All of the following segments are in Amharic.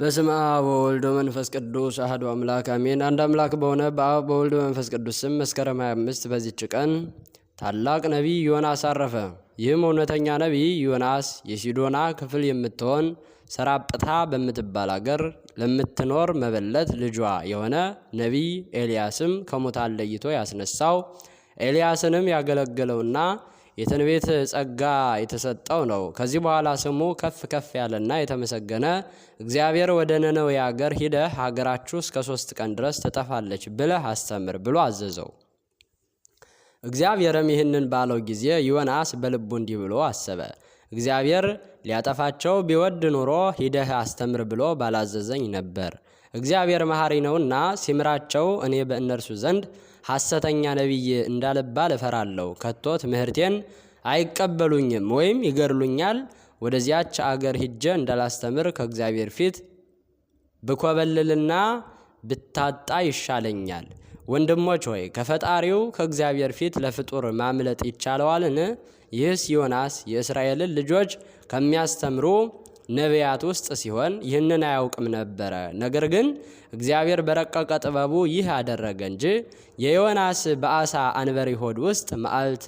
በስም አብ ወወልድ ወመንፈስ ቅዱስ አህዱ አምላክ አሜን። አንድ አምላክ በሆነ በአብ በወልድ በመንፈስ ቅዱስ ስም መስከረም 25 በዚች ቀን ታላቅ ነቢይ ዮናስ አረፈ። ይህም እውነተኛ ነቢይ ዮናስ የሲዶና ክፍል የምትሆን ሰራጵታ በምትባል አገር ለምትኖር መበለት ልጇ የሆነ ነቢይ ኤልያስም ከሙታን ለይቶ ያስነሳው ኤልያስንም ያገለገለውና የትንቢት ጸጋ የተሰጠው ነው። ከዚህ በኋላ ስሙ ከፍ ከፍ ያለና የተመሰገነ እግዚአብሔር ወደ ነነዌ አገር ሂደህ ሀገራችሁ እስከ ሶስት ቀን ድረስ ትጠፋለች ብለህ አስተምር ብሎ አዘዘው። እግዚአብሔርም ይህንን ባለው ጊዜ ዮናስ በልቡ እንዲህ ብሎ አሰበ። እግዚአብሔር ሊያጠፋቸው ቢወድ ኑሮ ሂደህ አስተምር ብሎ ባላዘዘኝ ነበር። እግዚአብሔር መሐሪ ነውና ሲምራቸው እኔ በእነርሱ ዘንድ ሐሰተኛ ነቢይ እንዳልባል እፈራለሁ። ከቶት ምህርቴን አይቀበሉኝም ወይም ይገድሉኛል። ወደዚያች አገር ሂጄ እንዳላስተምር ከእግዚአብሔር ፊት ብኮበልልና ብታጣ ይሻለኛል። ወንድሞች ሆይ ከፈጣሪው ከእግዚአብሔር ፊት ለፍጡር ማምለጥ ይቻለዋልን? ይህስ ዮናስ የእስራኤልን ልጆች ከሚያስተምሩ ነቢያት ውስጥ ሲሆን ይህንን አያውቅም ነበረ። ነገር ግን እግዚአብሔር በረቀቀ ጥበቡ ይህ አደረገ እንጂ የዮናስ በአሳ አንበሪ ሆድ ውስጥ መዓልት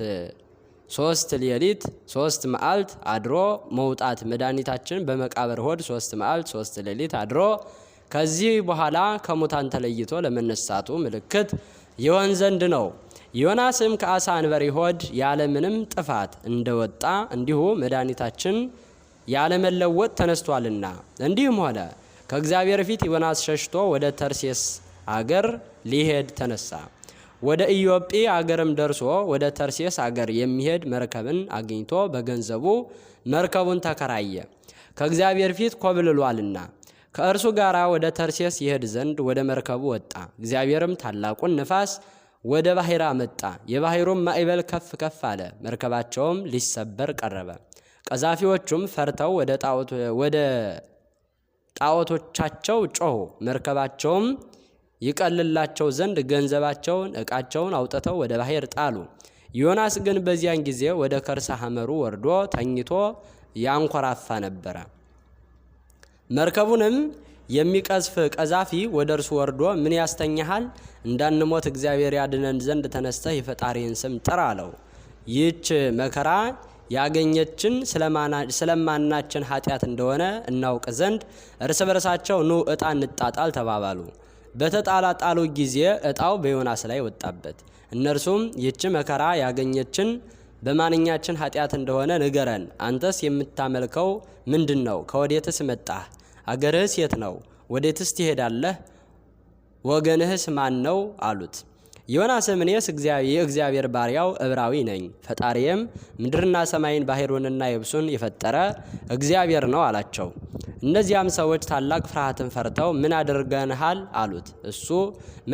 ሶስት ሌሊት ሶስት መዓልት አድሮ መውጣት መድኃኒታችን በመቃብር ሆድ ሶስት መዓልት ሶስት ሌሊት አድሮ ከዚህ በኋላ ከሙታን ተለይቶ ለመነሳቱ ምልክት ይሆን ዘንድ ነው። ዮናስም ከአሳ አንበሪ ሆድ ያለምንም ጥፋት እንደወጣ እንዲሁ መድኃኒታችን ያለመለወጥ ተነስቷልና። እንዲህም ሆነ ከእግዚአብሔር ፊት ዮናስ ሸሽቶ ወደ ተርሴስ አገር ሊሄድ ተነሳ። ወደ ኢዮጴ አገርም ደርሶ ወደ ተርሴስ አገር የሚሄድ መርከብን አግኝቶ በገንዘቡ መርከቡን ተከራየ፣ ከእግዚአብሔር ፊት ኮብልሏልና። ከእርሱ ጋር ወደ ተርሴስ ይሄድ ዘንድ ወደ መርከቡ ወጣ። እግዚአብሔርም ታላቁን ነፋስ ወደ ባሕር አመጣ፣ የባሕሩም ማዕበል ከፍ ከፍ አለ፣ መርከባቸውም ሊሰበር ቀረበ። ቀዛፊዎቹም ፈርተው ወደ ወደ ጣዖቶቻቸው ጮሁ። መርከባቸውም ይቀልላቸው ዘንድ ገንዘባቸውን፣ ዕቃቸውን አውጥተው ወደ ባሕር ጣሉ። ዮናስ ግን በዚያን ጊዜ ወደ ከርሰ ሐመሩ ወርዶ ተኝቶ ያንኮራፋ ነበረ። መርከቡንም የሚቀዝፍ ቀዛፊ ወደ እርሱ ወርዶ ምን ያስተኛሃል? እንዳንሞት እግዚአብሔር ያድነን ዘንድ ተነስተህ የፈጣሪን ስም ጥራ አለው። ይህች መከራ ያገኘችን ስለማናችን ኃጢአት እንደሆነ እናውቅ ዘንድ እርስ በርሳቸው ኑ ዕጣ እንጣጣል ተባባሉ። በተጣላጣሉ ጊዜ ዕጣው በዮናስ ላይ ወጣበት። እነርሱም ይቺ መከራ ያገኘችን በማንኛችን ኃጢአት እንደሆነ ንገረን። አንተስ የምታመልከው ምንድን ነው? ከወዴትስ መጣህ? አገርህስ የት ነው? ወዴትስ ትሄዳለህ? ወገንህስ ማን ነው? አሉት። ዮናስም እኔስ የእግዚአብሔር ባሪያው እብራዊ ነኝ፣ ፈጣሪየም ምድርና ሰማይን ባሕሩንና የብሱን የፈጠረ እግዚአብሔር ነው አላቸው። እነዚያም ሰዎች ታላቅ ፍርሃትን ፈርተው ምን አድርገንሃል አሉት። እሱ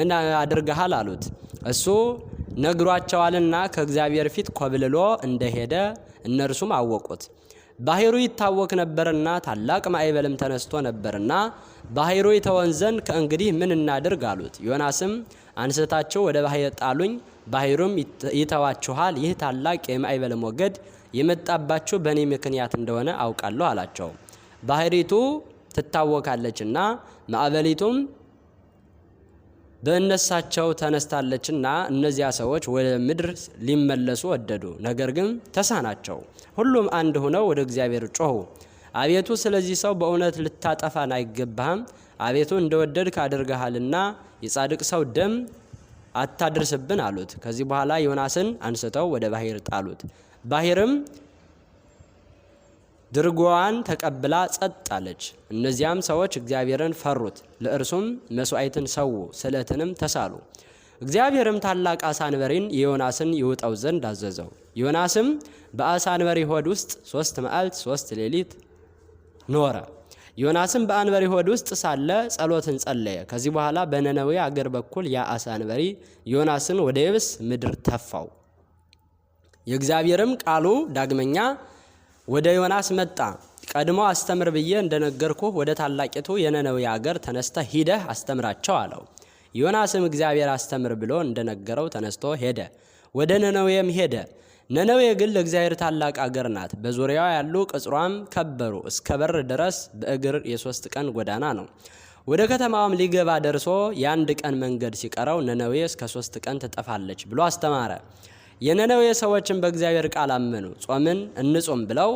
ምን አድርገሃል አሉት። እሱ ነግሯቸዋልና ከእግዚአብሔር ፊት ኮብልሎ እንደሄደ እነርሱም አወቁት። ባህሩ ይታወክ ነበርና ታላቅ ማዕበልም ተነስቶ ነበርና ባህሩ ይተወን ዘንድ ከእንግዲህ ምን እናድርግ አሉት። ዮናስም አንስታቸው ወደ ባህር ጣሉኝ፣ ባህሩም ይተዋችኋል። ይህ ታላቅ የማዕበል ሞገድ የመጣባቸው በእኔ ምክንያት እንደሆነ አውቃለሁ አላቸው። ባህሪቱ ትታወካለችና ማዕበሊቱም በእነሳቸው ተነስታለችና እነዚያ ሰዎች ወደ ምድር ሊመለሱ ወደዱ፣ ነገር ግን ተሳናቸው። ሁሉም አንድ ሆነው ወደ እግዚአብሔር ጮኹ፣ አቤቱ ስለዚህ ሰው በእውነት ልታጠፋን አይገባህም፣ አቤቱ እንደወደድክ አድርገሃልና የጻድቅ ሰው ደም አታድርስብን አሉት። ከዚህ በኋላ ዮናስን አንስተው ወደ ባህር ጣሉት። ባህርም ድርጓዋን ተቀብላ ጸጥ አለች። እነዚያም ሰዎች እግዚአብሔርን ፈሩት፣ ለእርሱም መሥዋዕትን ሰዉ፣ ስለትንም ተሳሉ። እግዚአብሔርም ታላቅ አሳ አንበሪን የዮናስን ይውጠው ዘንድ አዘዘው። ዮናስም በአሳ አንበሪ ሆድ ውስጥ ሶስት መዓልት ሶስት ሌሊት ኖረ። ዮናስም በአንበሪ ሆድ ውስጥ ሳለ ጸሎትን ጸለየ። ከዚህ በኋላ በነነዌ አገር በኩል ያ አሳ አንበሪ ዮናስን ወደ የብስ ምድር ተፋው። የእግዚአብሔርም ቃሉ ዳግመኛ ወደ ዮናስ መጣ። ቀድሞ አስተምር ብዬ እንደነገርኩ ወደ ታላቂቱ የነነዊ አገር ተነስተ ሂደህ አስተምራቸው አለው። ዮናስም እግዚአብሔር አስተምር ብሎ እንደነገረው ተነስቶ ሄደ። ወደ ነነዌም ሄደ። ነነዌ ግን ለእግዚአብሔር ታላቅ አገር ናት። በዙሪያዋ ያሉ ቅጽሯም ከበሩ እስከ በር ድረስ በእግር የሦስት ቀን ጎዳና ነው። ወደ ከተማዋም ሊገባ ደርሶ የአንድ ቀን መንገድ ሲቀረው ነነዌ እስከ ሦስት ቀን ትጠፋለች ብሎ አስተማረ። የነነዌ ሰዎችን በእግዚአብሔር ቃል አመኑ። ጾምን እንጾም ብለው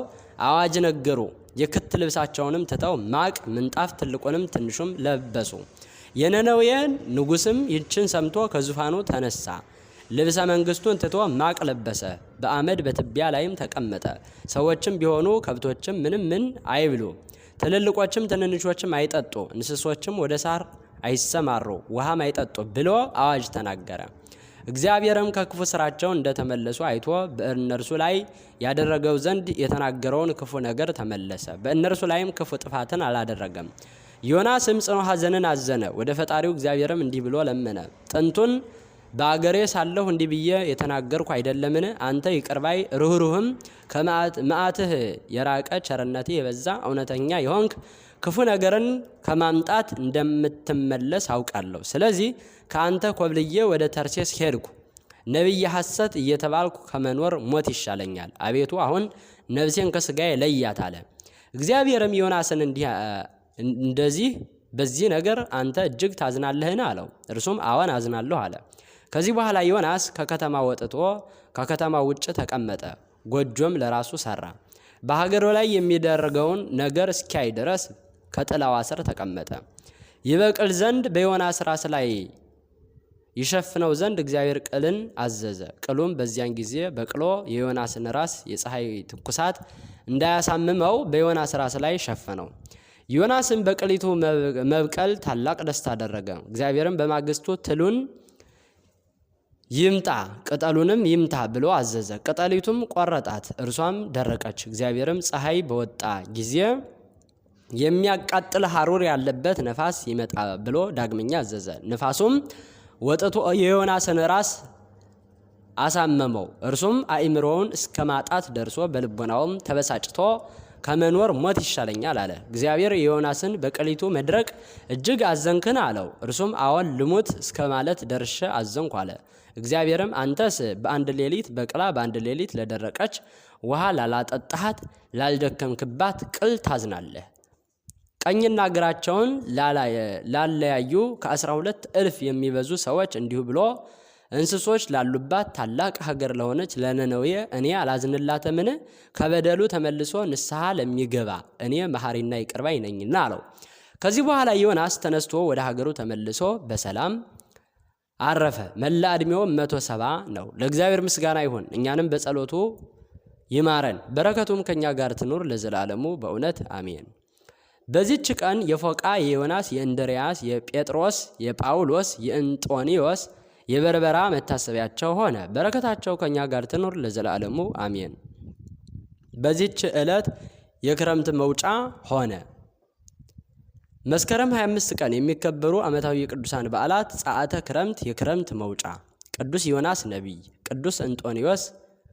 አዋጅ ነገሩ። የክት ልብሳቸውንም ትተው ማቅ፣ ምንጣፍ ትልቁንም ትንሹም ለበሱ። የነነዌ ንጉስም ይችን ሰምቶ ከዙፋኑ ተነሳ፣ ልብሰ መንግስቱን ትቶ ማቅ ለበሰ፣ በአመድ በትቢያ ላይም ተቀመጠ። ሰዎችም ቢሆኑ ከብቶችም ምንም ምን አይብሉ፣ ትልልቆችም ትንንሾችም አይጠጡ፣ እንስሶችም ወደ ሳር አይሰማሩ፣ ውሃም አይጠጡ ብሎ አዋጅ ተናገረ። እግዚአብሔርም ከክፉ ስራቸው እንደተመለሱ አይቶ በእነርሱ ላይ ያደረገው ዘንድ የተናገረውን ክፉ ነገር ተመለሰ። በእነርሱ ላይም ክፉ ጥፋትን አላደረገም። ዮናስም ጽኑ ሐዘንን አዘነ። ወደ ፈጣሪው እግዚአብሔርም እንዲህ ብሎ ለመነ። ጥንቱን በአገሬ ሳለሁ እንዲህ ብዬ የተናገርኩ አይደለምን? አንተ ይቅርባይ ርኅሩህም ከመዓትህ የራቀ ቸርነትህ የበዛ እውነተኛ የሆንክ ክፉ ነገርን ከማምጣት እንደምትመለስ አውቃለሁ። ስለዚህ ከአንተ ኮብልዬ ወደ ተርሴስ ሄድኩ። ነቢይ ሐሰት እየተባልኩ ከመኖር ሞት ይሻለኛል። አቤቱ አሁን ነፍሴን ከስጋዬ ለያት አለ። እግዚአብሔርም ዮናስን እንደዚህ በዚህ ነገር አንተ እጅግ ታዝናለህን? አለው። እርሱም አዎን አዝናለሁ አለ። ከዚህ በኋላ ዮናስ ከከተማ ወጥቶ ከከተማ ውጭ ተቀመጠ። ጎጆም ለራሱ ሰራ። በሀገሩ ላይ የሚደረገውን ነገር እስኪያይ ድረስ ከጥላዋ ስር ተቀመጠ። ይበቅል ዘንድ በዮናስ ራስ ላይ ይሸፍነው ዘንድ እግዚአብሔር ቅልን አዘዘ። ቅሉም በዚያን ጊዜ በቅሎ የዮናስን ራስ የፀሐይ ትኩሳት እንዳያሳምመው በዮናስ ራስ ላይ ሸፈነው። ዮናስን በቅሊቱ መብቀል ታላቅ ደስታ አደረገ። እግዚአብሔርም በማግስቱ ትሉን ይምጣ ቅጠሉንም ይምታ ብሎ አዘዘ። ቅጠሊቱም ቆረጣት፣ እርሷም ደረቀች። እግዚአብሔርም ፀሐይ በወጣ ጊዜ የሚያቃጥል ሐሩር ያለበት ነፋስ ይመጣ ብሎ ዳግመኛ አዘዘ። ነፋሱም ወጥቶ የዮናስን ራስ አሳመመው። እርሱም አእምሮውን እስከ ማጣት ደርሶ በልቦናውም ተበሳጭቶ ከመኖር ሞት ይሻለኛል አለ። እግዚአብሔር የዮናስን በቀሊቱ መድረቅ እጅግ አዘንክን አለው። እርሱም አዎን ልሙት እስከ ማለት ደርሸ አዘንኩ አለ። እግዚአብሔርም አንተስ በአንድ ሌሊት በቅላ በአንድ ሌሊት ለደረቀች ውሃ ላላጠጣሃት ላልደከምክባት ቅል ታዝናለህ ቀኝና ግራቸውን ላለያዩ ከአስራ ሁለት እልፍ የሚበዙ ሰዎች እንዲሁ ብሎ እንስሶች ላሉባት ታላቅ ሀገር ለሆነች ለነነዌ እኔ አላዝንላትምን? ከበደሉ ተመልሶ ንስሐ ለሚገባ እኔ መሐሪና ይቅር ነኝና አለው። ከዚህ በኋላ ዮናስ ተነስቶ ወደ ሀገሩ ተመልሶ በሰላም አረፈ። መላ ዕድሜውም መቶ ሰባ ነው። ለእግዚአብሔር ምስጋና ይሁን፣ እኛንም በጸሎቱ ይማረን፣ በረከቱም ከእኛ ጋር ትኑር ለዘላለሙ በእውነት አሜን። በዚች ቀን የፎቃ፣ የዮናስ፣ የእንድርያስ፣ የጴጥሮስ፣ የጳውሎስ፣ የእንጦኒዮስ፣ የበርበራ መታሰቢያቸው ሆነ። በረከታቸው ከእኛ ጋር ትኑር ለዘላለሙ አሜን። በዚች ዕለት የክረምት መውጫ ሆነ። መስከረም 25 ቀን የሚከበሩ ዓመታዊ የቅዱሳን በዓላት ጸአተ ክረምት፣ የክረምት መውጫ፣ ቅዱስ ዮናስ ነቢይ፣ ቅዱስ እንጦኒዮስ፣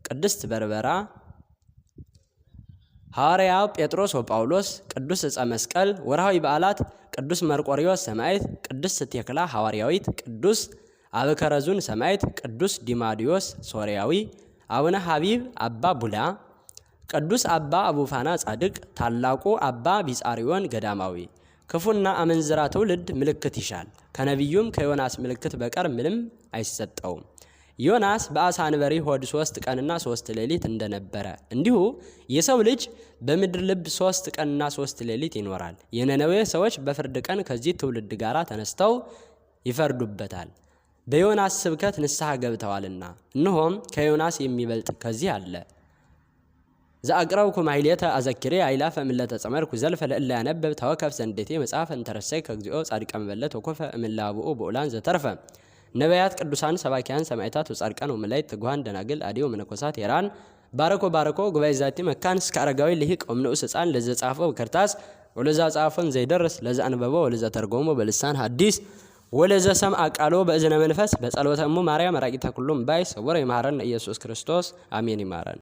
ቅድስት በርበራ ሐዋርያው ጴጥሮስ ወጳውሎስ፣ ቅዱስ ዕፀ መስቀል። ወርሃዊ በዓላት ቅዱስ መርቆሪዎስ ሰማዕት፣ ቅድስት ቴክላ ሐዋርያዊት፣ ቅዱስ አበከረዙን ሰማዕት፣ ቅዱስ ዲማዲዮስ ሶርያዊ፣ አቡነ ሐቢብ፣ አባ ቡላ፣ ቅዱስ አባ አቡፋና ጻድቅ፣ ታላቁ አባ ቢጻሪዮን ገዳማዊ። ክፉና አመንዝራ ትውልድ ምልክት ይሻል፣ ከነቢዩም ከዮናስ ምልክት በቀር ምንም አይሰጠውም። ዮናስ በአሳ አንበሪ ሆድ ሶስት ቀንና ሶስት ሌሊት እንደነበረ እንዲሁ የሰው ልጅ በምድር ልብ ሶስት ቀንና ሶስት ሌሊት ይኖራል። የነነዌ ሰዎች በፍርድ ቀን ከዚህ ትውልድ ጋር ተነስተው ይፈርዱበታል፣ በዮናስ ስብከት ንስሐ ገብተዋልና። እነሆም ከዮናስ የሚበልጥ ከዚህ አለ። ዘአቅረብኩም ኃይሌተ አዘኪሬ አይላፈ እምዕለ ጸመርኩ ዘልፈ ለእለ ያነበብ ተወከፍ ዘንዴቴ መጽሐፈ እንተረሰይ ከግዚኦ ጻድቀ መበለት ወኮፈ እምዕለ ብኡላን ዘተርፈ ነቢያት፣ ቅዱሳን፣ ሰባኪያን፣ ሰማዕታት፣ ወጻድቃን፣ ወመላእክት፣ ትጉሃን፣ ደናግል፣ አዲዮ መነኮሳት፣ ሄራን ባረኮ ባረኮ ጉባኤ ዛቲ መካን እስከ አረጋዊ ልሂቅ ወምንዑስ ህፃን ለዘ ጻፈው በከርታስ ወለዛ ጻፈን ዘይደርስ ለዛ አንበበ ወለዛ ተርጎሞ በልሳን ሐዲስ ወለዘ ሰም አቃሎ በእዝነ መንፈስ በጸሎተ ማርያም አራቂተ ኩሉም ባይ ሰወረ ይማረን ኢየሱስ ክርስቶስ አሜን። ይማረን